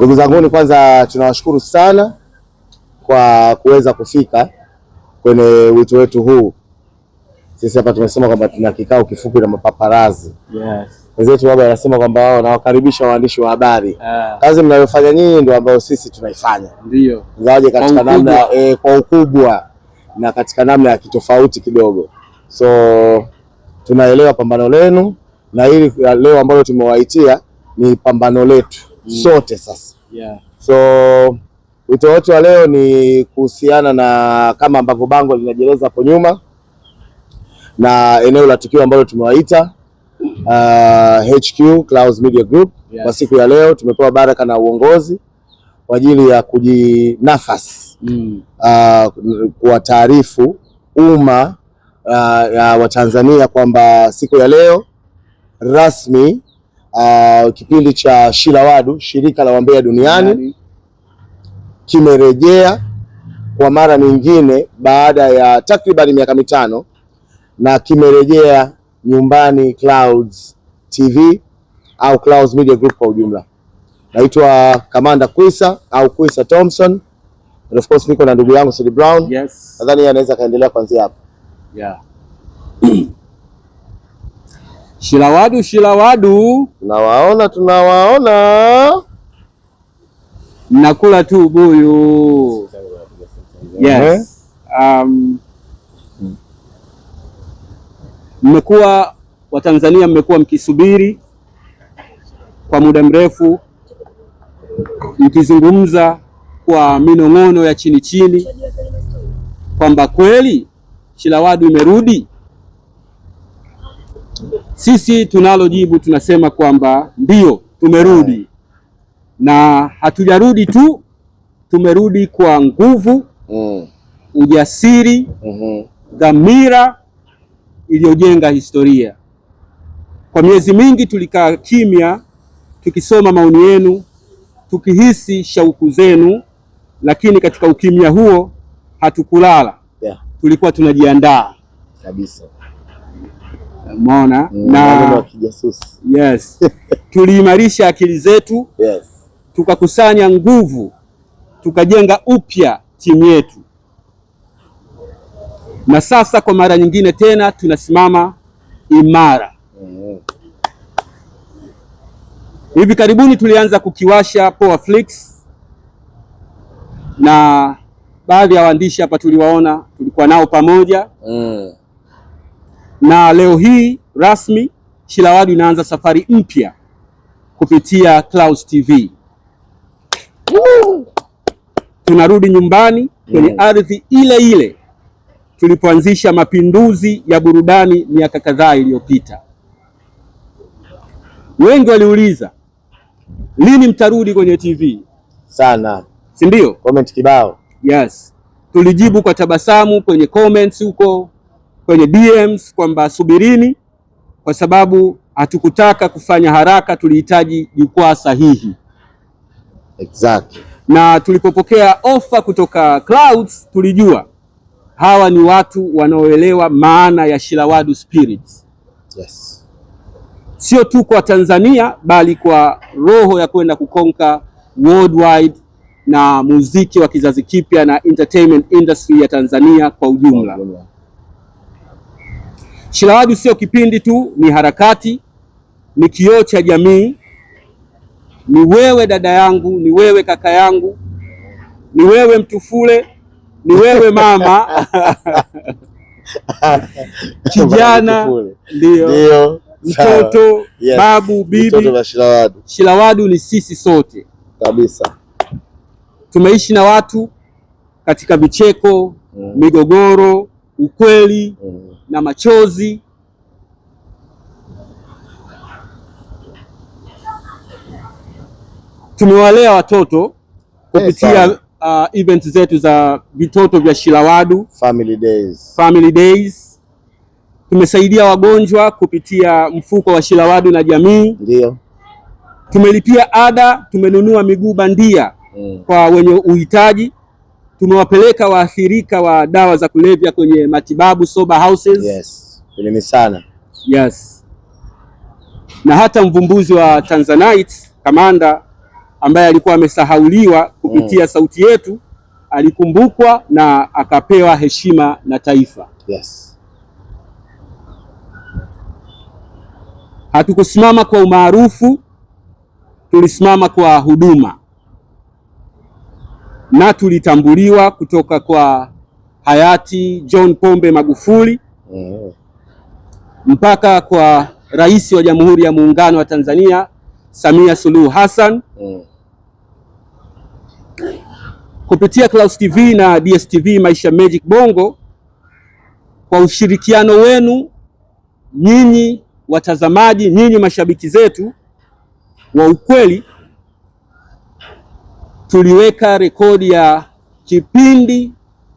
Ndugu zanguni, kwanza tunawashukuru sana kwa kuweza kufika kwenye wito wetu huu. Sisi hapa tumesema kwamba tuna kikao kifupi na mapaparazi wenzetu. Yes. Baba anasema kwamba wao nawakaribisha waandishi wa habari. yeah. Kazi mnayofanya nyinyi ndio ambayo sisi tunaifanya, ndio ingawaje katika namna e, kwa ukubwa na katika namna ya kitofauti kidogo, so tunaelewa pambano lenu na hili eh, leo ambalo tumewaitia ni pambano letu sote sasa yeah. So wito wetu wa leo ni kuhusiana na kama ambavyo bango linajieleza hapo nyuma na eneo la tukio ambalo tumewaita uh, HQ Clouds Media Group yeah. Kwa siku ya leo tumepewa baraka na uongozi kwa ajili ya kujinafasi mm. uh, taarifu umma uh, wa Tanzania kwamba siku ya leo rasmi uh, kipindi cha Shirawadu, shirika la wambea duniani kimerejea kwa mara nyingine baada ya takribani miaka mitano na kimerejea nyumbani Clouds TV au Clouds Media Group kwa ujumla. Naitwa Kamanda Kwisa au Kwisa Thompson. And of course niko na ndugu yangu Sid Brown. Yes. Nadhani anaweza kaendelea kuanzia hapo. Yeah shilawadu shilawadu tunawaona tunawaona, nakula tu buyu. Yes, eh? um, mmekuwa Watanzania mmekuwa mkisubiri kwa muda mrefu, mkizungumza kwa minong'ono ya chini chini kwamba kweli shirawadu imerudi. Sisi tunalo jibu, tunasema kwamba ndio tumerudi, na hatujarudi tu, tumerudi kwa nguvu mm. ujasiri mm -hmm. dhamira iliyojenga historia. Kwa miezi mingi tulikaa kimya, tukisoma maoni yenu, tukihisi shauku zenu, lakini katika ukimya huo hatukulala yeah. tulikuwa tunajiandaa kabisa. Umeona? Mm, na kijasusi. yes. Tuliimarisha akili zetu yes. Tukakusanya nguvu tukajenga upya timu yetu, na sasa kwa mara nyingine tena tunasimama imara. Mm. Hivi karibuni tulianza kukiwasha Powerflix na baadhi ya waandishi hapa tuliwaona, tulikuwa nao pamoja mm na leo hii rasmi Shilawadu inaanza safari mpya kupitia Clouds TV. Tunarudi nyumbani kwenye mm. ardhi ile ile tulipoanzisha mapinduzi ya burudani miaka kadhaa iliyopita. Wengi waliuliza lini mtarudi kwenye TV sana, si ndio? Comment kibao. Yes, tulijibu kwa tabasamu kwenye comments huko kwenye DMs kwamba subirini, kwa sababu hatukutaka kufanya haraka, tulihitaji jukwaa sahihi. Exactly. Na tulipopokea ofa kutoka Clouds tulijua hawa ni watu wanaoelewa maana ya Shilawadu Spirits. Yes. Sio tu kwa Tanzania bali kwa roho ya kwenda kukonka worldwide na muziki wa kizazi kipya na entertainment industry ya Tanzania kwa ujumla. Shilawadu sio kipindi tu, ni harakati, ni kioo cha jamii. Ni wewe dada yangu, ni wewe kaka yangu, ni wewe Mtufule, ni wewe mama kijana ndio mtoto yes. Babu, bibi, Shilawadu. Shilawadu ni sisi sote kabisa. Tumeishi na watu katika vicheko mm. migogoro, ukweli mm na machozi. Tumewalea watoto kupitia hey, uh, event zetu za vitoto vya Shilawadu Family Days. Family Days tumesaidia wagonjwa kupitia mfuko wa Shilawadu na jamii, ndio tumelipia ada, tumenunua miguu bandia hmm, kwa wenye uhitaji tumewapeleka waathirika wa dawa za kulevya kwenye matibabu sober houses. Yes. Ni sana. Yes. Na hata mvumbuzi wa Tanzanite Kamanda ambaye alikuwa amesahauliwa kupitia mm. sauti yetu alikumbukwa na akapewa heshima na taifa. Yes. Hatukusimama kwa umaarufu, tulisimama kwa huduma na tulitambuliwa kutoka kwa hayati John Pombe Magufuli mpaka kwa Rais wa Jamhuri ya Muungano wa Tanzania Samia Suluhu Hassan kupitia Clouds TV na DSTV Maisha Magic Bongo, kwa ushirikiano wenu nyinyi watazamaji, nyinyi mashabiki zetu wa ukweli tuliweka rekodi ya kipindi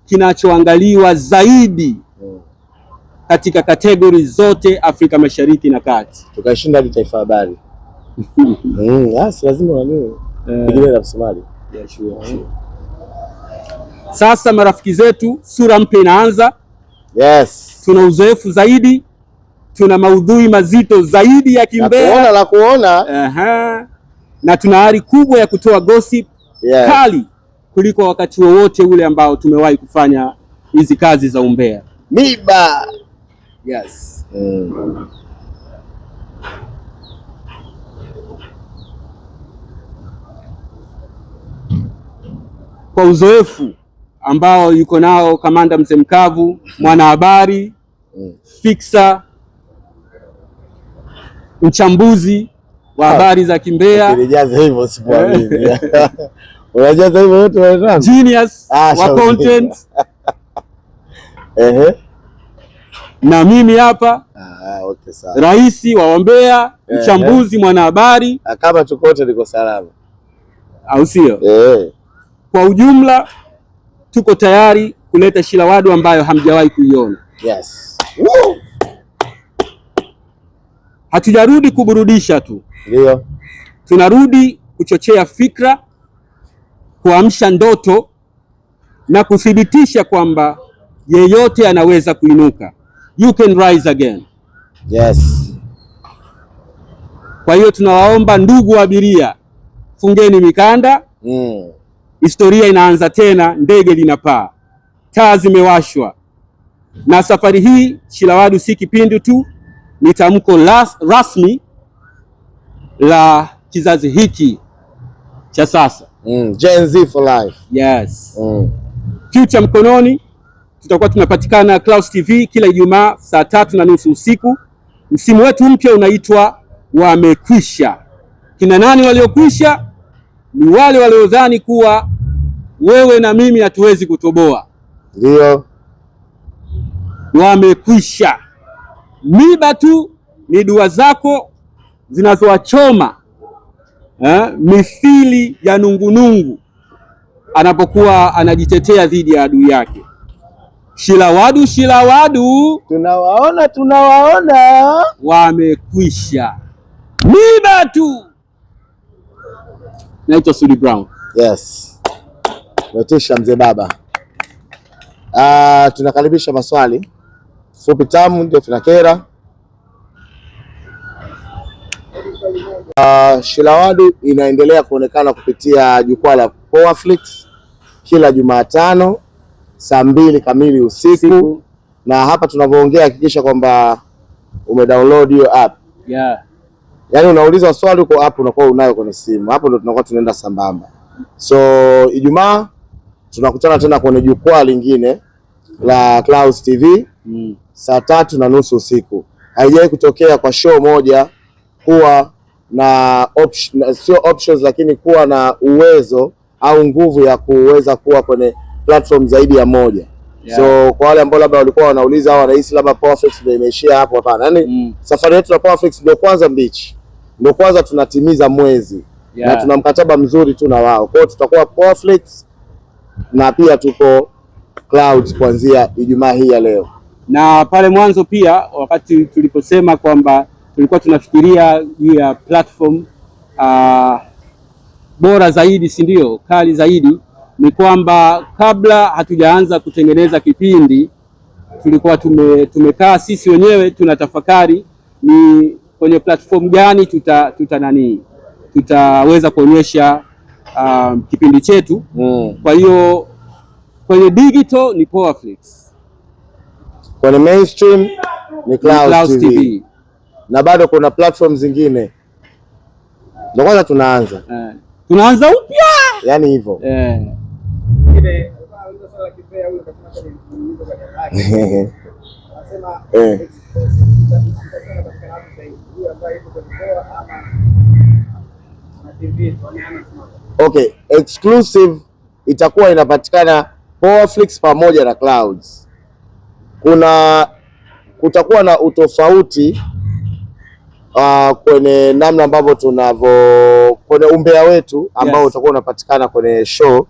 kinachoangaliwa zaidi katika kategori zote Afrika Mashariki na Kati, tukashinda ni Taifa Habari. Mm, ah, eh. Sasa marafiki zetu, sura mpya inaanza. Yes, tuna uzoefu zaidi, tuna maudhui mazito zaidi ya kimbea la kuona, la kuona. Aha. na tuna ari kubwa ya kutoa gossip yeah. kali kuliko wakati wowote ule ambao tumewahi kufanya hizi kazi za umbea miba. Yes. Mm. Kwa uzoefu ambao yuko nao kamanda Mzee Mkavu, mwanahabari mm. fixer mchambuzi wa ah. habari za Kimbea. Unajua sasa hivi wote wa genius ah, wa content ehe, na mimi hapa ah, okay, sawa, rais wa Wambea, mchambuzi, mwanahabari, ah, kama tuko wote niko salama, au sio? Eh, kwa ujumla tuko tayari kuleta Shilawadu ambayo hamjawahi kuiona. Yes. Woo! Hatujarudi kuburudisha tu, ndio tunarudi kuchochea fikra kuamsha ndoto na kuthibitisha kwamba yeyote anaweza kuinuka. You can rise again. Yes. Kwa hiyo tunawaomba ndugu abiria, fungeni mikanda mm. Historia inaanza tena, ndege linapaa, taa zimewashwa, na safari hii Shilawadu si kipindi tu, ni tamko rasmi la kizazi hiki cha sasa. Mm, Gen Z for life. Yes. Mm. Future mkononi tutakuwa tunapatikana Clouds TV kila Ijumaa saa tatu na nusu usiku. Msimu wetu mpya unaitwa Wamekwisha. Kina nani waliokwisha? Ni wale waliodhani kuwa wewe na mimi hatuwezi kutoboa, ndio wamekwisha. Miba tu ni dua zako zinazowachoma eh, mithili ya nungunungu anapokuwa anajitetea dhidi ya adui yake. Shilawadu, shilawadu, tunawaona tunawaona, wamekwisha miba tu. Naitwa Sudi Brown. Yes, metisha mzee baba. Uh, tunakaribisha maswali fupi, tamu ndio tunakera Uh, Shilawadu inaendelea kuonekana kupitia jukwaa la Powerflix kila Jumatano saa mbili kamili usiku Siku. Na hapa tunavyoongea hakikisha kwamba umedownload hiyo app. Yeah. Yaani unauliza swali uko app unakuwa unayo kwenye simu. Hapo ndo tunakuwa tunaenda sambamba. So Ijumaa tunakutana tena kwenye jukwaa lingine la Clouds TV mm. saa tatu na nusu usiku. Haijawahi kutokea kwa show moja kuwa na option, sio options lakini kuwa na uwezo au nguvu ya kuweza kuwa kwenye platform zaidi ya moja. Yeah. So kwa wale ambao labda walikuwa wanauliza au wanahisi labda Powerflex ndio imeishia hapo, hapana. Yaani mm. safari yetu na Powerflex ndio kwanza mbichi, ndio kwanza tunatimiza mwezi yeah. na tuna mkataba mzuri tu na wao, kwa hiyo tutakuwa Powerflex na pia tuko Clouds kuanzia Ijumaa hii ya leo, na pale mwanzo pia wakati tuliposema kwamba tulikuwa tunafikiria juu ya platform uh, bora zaidi, si ndio, kali zaidi. Ni kwamba kabla hatujaanza kutengeneza kipindi tulikuwa tume, tumekaa sisi wenyewe tunatafakari ni kwenye platform gani tuta, tuta nani tutaweza kuonyesha um, kipindi chetu mm. Kwa hiyo kwenye digital ni Powerflix, kwenye mainstream ni Clouds TV na bado kuna platform zingine. Ndio kwanza tunaanza eh. Tunaanza upya yani hivyo eh. eh. Okay, exclusive itakuwa inapatikana Powerflix pamoja na Clouds. Kuna kutakuwa na utofauti uh, kwenye namna ambavyo tunavyo kwenye umbea wetu ambao yes, utakuwa unapatikana kwenye show.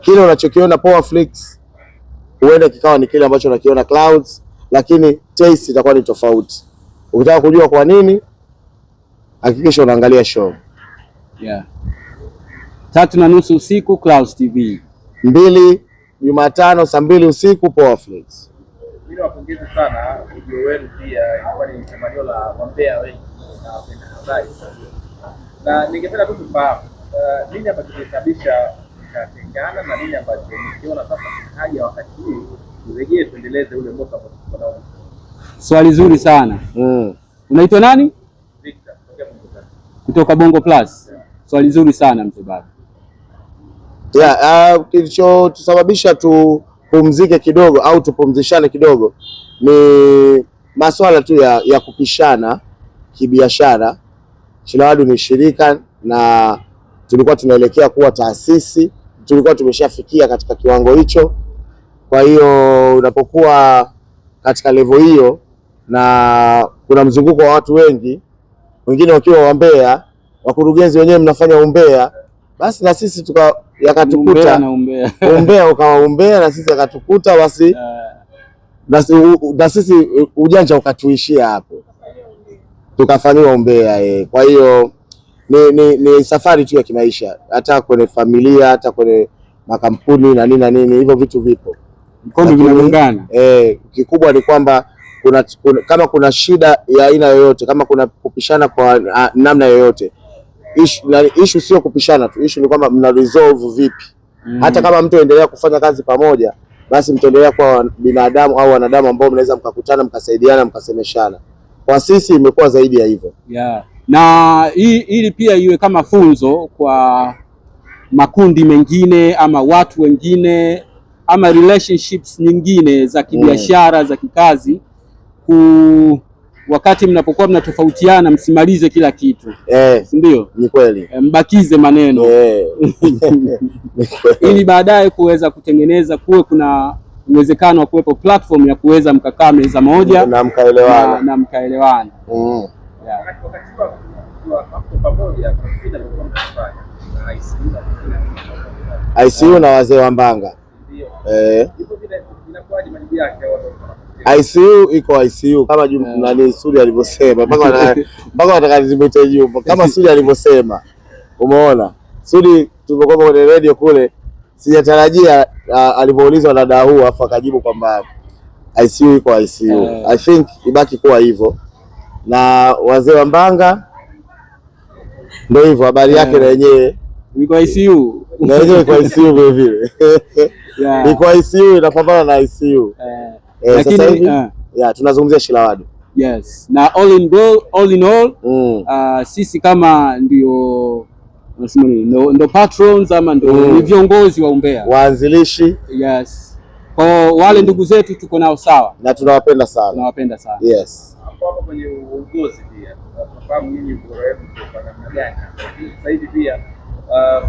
Kile unachokiona Powerflix huenda kikawa ni kile ambacho unakiona Clouds, lakini taste itakuwa ni tofauti. Ukitaka kujua kwa nini, hakikisha unaangalia show yeah. Tatu na nusu usiku Clouds TV, mbili Jumatano saa mbili usiku Powerflix. Vile wapongeze sana ujio wenu, pia ilikuwa ni tamanio la wambea wengi na wapenda habari, na ningependa tu kufahamu eh, nini ambacho kimesababisha mkatengana na nini ambacho mkiona sasa kuna haja wakati huu turejee tuendeleze ule moto ambao tuko nao. Swali zuri sana. Mm. Unaitwa nani? kutoka Bongo Plus. Yeah. Swali zuri sana mzee baba. Yeah, uh, kilichotusababisha tu tupumzike kidogo au tupumzishane kidogo, ni masuala tu ya, ya kupishana kibiashara. Shilawadu ni shirika na tulikuwa tunaelekea kuwa taasisi, tulikuwa tumeshafikia katika kiwango hicho. Kwa hiyo unapokuwa katika levo hiyo na kuna mzunguko wa watu wengi, wengine wakiwa wambea, wakurugenzi wenyewe mnafanya umbea, basi na sisi tuka yakatukuta umbea, umbea ukawa umbea na sisi yakatukuta basi ah. na sisi ujanja ukatuishia hapo, tukafanyiwa umbea e. Kwa hiyo ni, ni, ni safari tu ya kimaisha, hata kwenye familia, hata kwenye makampuni na nini na nini, hivyo vitu vipo vinagongana. E, eh, kikubwa ni kwamba kuna, kuna, kama kuna shida ya aina yoyote, kama kuna kupishana kwa a, ah, namna yoyote issue sio kupishana tu, issue ni kwamba mna resolve vipi. Mm. Hata kama mtu endelea kufanya kazi pamoja, basi mtaendelea kuwa binadamu au wanadamu ambao mnaweza mkakutana mkasaidiana mkasemeshana. Kwa sisi imekuwa zaidi ya hivyo yeah. Na hii ili pia iwe kama funzo kwa makundi mengine ama watu wengine ama relationships nyingine za kibiashara mm. za kikazi ku wakati mnapokuwa mnatofautiana msimalize kila kitu eh, si ndio? Ni kweli, eh, mbakize maneno eh. ili baadaye kuweza kutengeneza kuwe kuna uwezekano wa kuwepo platform ya kuweza mkakaa meza moja na mkaelewana na, na mkaelewana mm. ICU na wazee wa Mbanga eh. ICU iko ICU kama yeah. Nani Sudi alivyosema mpaka watakadhibiti jumbo kama Sudi alivyosema. Umeona Sudi tulipokuwa kwenye radio kule, sijatarajia alivyoulizwa na dada huu afu akajibu kwamba ICU iko ICU yeah. I think ibaki kuwa hivyo na wazee wa Mbanga ndio hivyo habari yeah. yake na yenyewe iko ICU na yenyewe iko ICU vile vile iko ICU inapambana na ICU yeah eh, sasa hivi uh, eh, yeah, tunazungumzia Shilawadu. Yes. Na all in all, all in all mm. uh, sisi kama ndio unasema nini? patrons ama ndo mm. viongozi wa Umbea. Waanzilishi. Yes. Kwa wale ndugu zetu tuko nao sawa. Na tunawapenda sana. Tunawapenda sana. Yes. Hapo kwenye uongozi pia. Tunafahamu nyinyi bora yenu kwa namna gani. Sasa hivi pia um,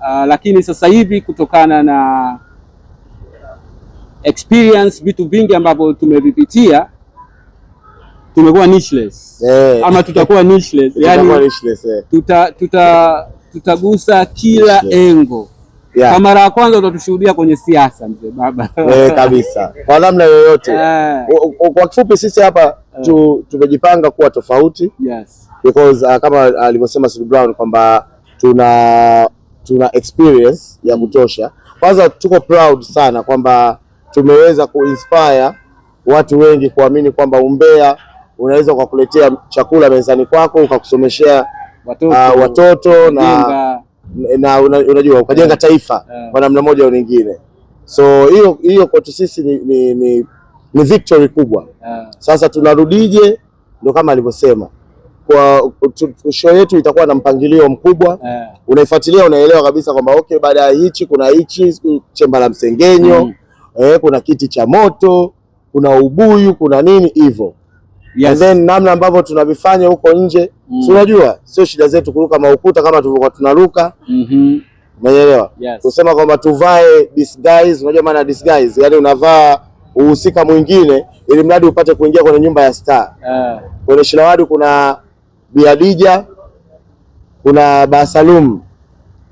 uh, lakini sasa hivi kutokana na experience vitu vingi ambavyo tumevipitia tumekuwa nicheless eh, ama tutakuwa nicheless, yani eh, tuta, tuta, tutagusa kila nicheless engo yeah. Kwa mara ya kwanza utatushuhudia kwenye siasa mzee baba eh, kabisa kwa namna yoyote eh. Kwa kifupi sisi hapa eh. tu, tumejipanga kuwa tofauti yes. Because uh, kama alivyosema uh, Sir Brown kwamba tuna tuna experience ya kutosha. Kwanza tuko proud sana kwamba tumeweza kuinspire watu wengi kuamini kwamba umbea unaweza ukakuletea chakula mezani kwako ukakusomeshea watoto, uh, watoto na, na unajua ukajenga yeah. taifa yeah. kwa namna moja au nyingine, so hiyo hiyo kwetu sisi ni, ni, ni, ni victory kubwa yeah. Sasa tunarudije? Ndio kama alivyosema kwa show yetu itakuwa na mpangilio mkubwa yeah. Unaifuatilia unaelewa kabisa kwamba okay, baada ya hichi kuna hichi chemba la msengenyo mm. Eh, kuna kiti cha moto, kuna ubuyu, kuna nini hivyo yes. And then namna ambavyo tunavifanya huko nje mm. si unajua, sio shida zetu kuruka maukuta kama tulivyokuwa tunaruka mm -hmm. Umeelewa? Yes. Kusema kwamba tuvae disguise, unajua maana disguise, Yani unavaa uhusika mwingine ili mradi upate kuingia kwenye nyumba ya star yeah. Kwenye Shilawadi kuna Biadija, kuna Basalum,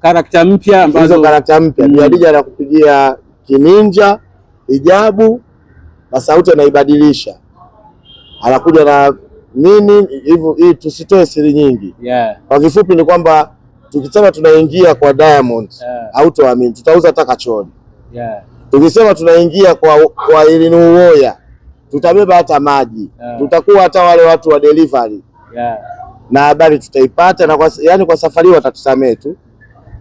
karakta mpya ambazo karakta mpya mm. Biadija anakupigia kininja hijabu na sauti anaibadilisha, anakuja na nini hivyo. Hii tusitoe siri nyingi yeah. Kwa kifupi ni kwamba tukisema tunaingia kwa Diamond yeah. tuamini tutauza taka choni yeah. Tukisema tunaingia kwa, kwa Ilinu Uwoya tutabeba hata maji yeah. Tutakuwa hata wale watu wa delivery yeah na habari tutaipata na kwa, yani kwa safari watatusamee tu,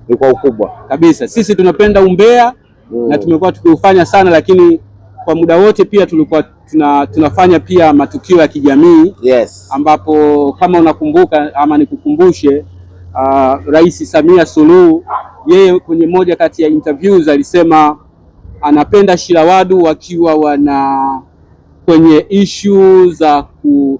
ni kwa ukubwa kabisa. Sisi tunapenda umbea mm. na tumekuwa tukiufanya sana, lakini kwa muda wote pia tulikuwa tuna, tunafanya pia matukio ya kijamii yes. ambapo kama unakumbuka ama nikukumbushe, uh, Rais Samia Suluhu yeye kwenye moja kati ya interviews alisema anapenda Shilawadu wakiwa wana kwenye ishu za ku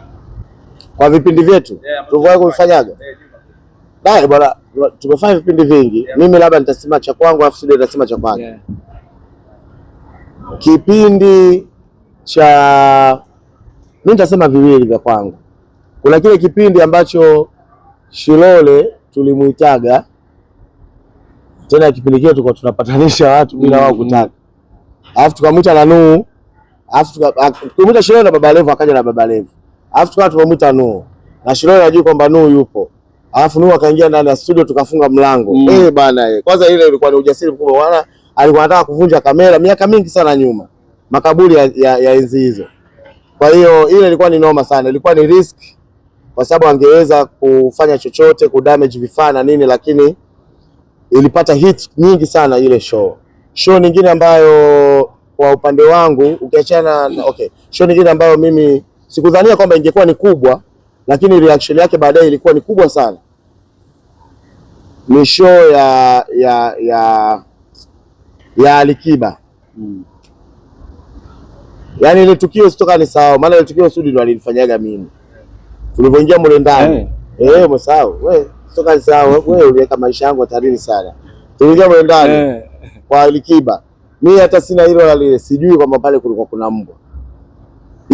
kwa vipindi vyetu tulivyowahi kuvifanyaga dai bwana, tumefanya vipindi vingi. Mimi labda nitasema cha kwangu, alafu Sudi atasema cha kwake. Kipindi cha mimi nitasema viwili vya kwangu, kuna kile kipindi ambacho Shilole tulimuitaga tena, kipindi kile tulikuwa tunapatanisha watu bila wao mm-hmm. kutaka, alafu tukamwita Nanuu, alafu tukamwita Shilole na Baba Levo akaja na Baba Levo Alafu tukawa tumemwita Nuhu na Shiro anajua kwamba Nuhu yupo, alafu Nuhu akaingia ndani ya studio tukafunga mlango mm. Eh bana eh, kwanza ile ilikuwa ni ujasiri mkubwa, wala alikuwa anataka kuvunja kamera miaka mingi sana nyuma, makaburi ya, ya, ya enzi hizo. Kwa hiyo ile ilikuwa ni noma sana, ilikuwa ni risk kwa sababu angeweza kufanya chochote ku damage vifaa na nini, lakini ilipata hit nyingi sana ile show. Show nyingine ambayo kwa upande wangu ukiachana okay, show nyingine ambayo mimi Sikudhania kwamba ingekuwa ni kubwa, lakini reaction yake baadaye ilikuwa ni kubwa sana. Ni show ya ya ya ya Alikiba hmm. Yaani ile tukio sitoka ni sawa, maana ile tukio Sudi ndo alinifanyaga mimi tulivyoingia mule ndani hey. Eh. eh, umesahau wewe, sitoka ni sawa wewe, uliweka maisha yangu hatarini sana. Tuliingia mule ndani hey. Eh. Kwa Alikiba mimi hata sina hilo la lile, sijui kwamba pale kulikuwa kuna mbwa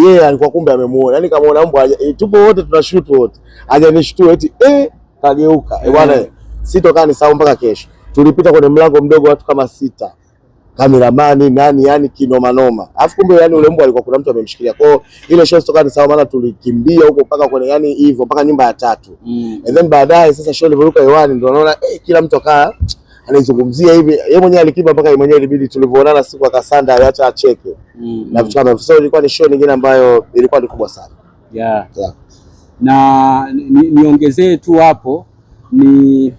yeye alikuwa kumbe amemuona, yaani kamuona mbwa. Eh, tupo wote tunashutu wote, hajanishtua eti eh, kageuka e, bwana, mm. sitokaa nisahau mpaka kesho. Tulipita kwenye mlango mdogo, watu kama sita, kameramani nani, yani kinoma noma, afu kumbe yani ule mbwa alikuwa kuna mtu amemshikilia kwao. Ile show sitokaa nisahau, maana tulikimbia huko mpaka kwenye yani hivyo mpaka nyumba ya tatu mm. and then baadaye sasa show ilivyoruka hewani, ndio naona eh, kila mtu akaa anaizungumzia hivi, yeye mwenyewe alikipa mpaka yeye mwenyewe ilibidi, tulivyoonana siku ya Kasanda aliacha acheke mm. na vitu kama hivyo, ilikuwa ni show nyingine ambayo ilikuwa ni kubwa sana yeah. Yeah. na niongezee ni tu hapo ni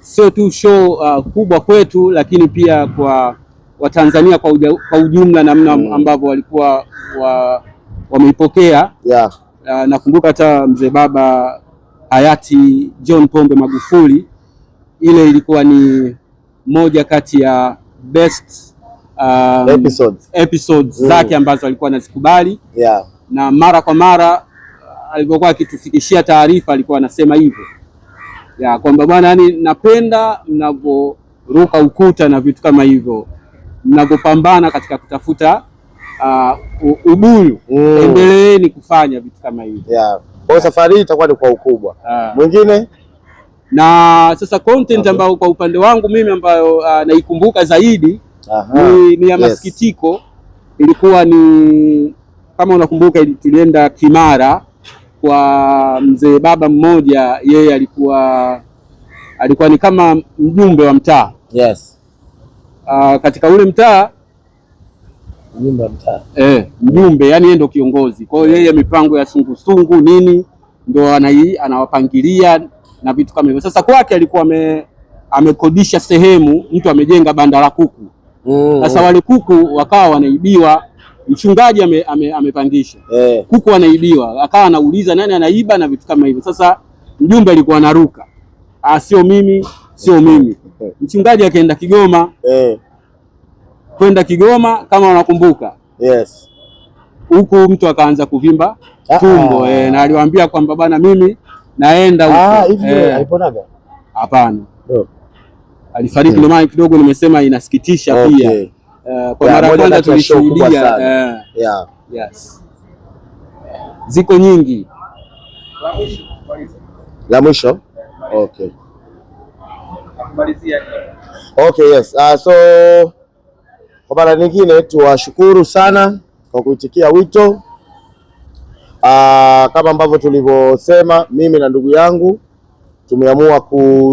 sio tu show uh, kubwa kwetu, lakini pia kwa Watanzania kwa, kwa ujumla namna mm. ambavyo walikuwa wameipokea yeah. Uh, nakumbuka hata mzee baba hayati John Pombe Magufuli ile ilikuwa ni moja kati ya best um, episodes, episodes mm. zake ambazo alikuwa anazikubali yeah. na mara kwa mara uh, alivyokuwa akitufikishia taarifa alikuwa anasema hivyo ya kwamba bwana, yani napenda mnavyoruka ukuta na vitu kama hivyo, mnavyopambana katika kutafuta uh, ubuyu mm. endeleeni kufanya vitu kama hivyo yeah. Kwa safari hii itakuwa ni kwa ukubwa ah. mwingine na sasa content ambayo kwa upande wangu mimi ambayo uh, naikumbuka zaidi Aha, ni, ni ya masikitiko yes. Ilikuwa ni kama unakumbuka, tulienda Kimara kwa mzee baba mmoja, yeye alikuwa alikuwa ni kama mjumbe wa mtaa yes. Uh, katika ule mtaa mjumbe mtaa eh, mjumbe yani yeye kiongozi, kwa hiyo yeye mipango ya sungusungu sungu, nini anai, anawapangilia na vitu kama hivyo. Sasa kwake alikuwa ame, amekodisha sehemu, mtu amejenga banda la kuku mm. sasa mm. wale kuku wakawa wanaibiwa, mchungaji ame, ame, eh. kuku wanaibiwa, akawa anauliza nani anaiba na vitu kama hivyo. Sasa mjumbe alikuwa anaruka, ah, sio mimi, sio mimi. Eh. Mchungaji akaenda Kigoma eh. kwenda Kigoma kama unakumbuka yes. huku mtu akaanza kuvimba tumbo eh, na aliwaambia kwamba bana mimi naenda ah, huko. Eh. Aliponaga? Hapana. Alifariki, eh. ndio maana kidogo nimesema inasikitisha pia. Eh, kwa mara ya kwanza tulishuhudia. Yeah. Yes. Ziko nyingi. La mwisho. Okay. Okay, yes. Uh, so kwa mara nyingine tuwashukuru sana kwa kuitikia wito Aa, ah, kama ambavyo tulivyosema mimi na ndugu yangu tumeamua ku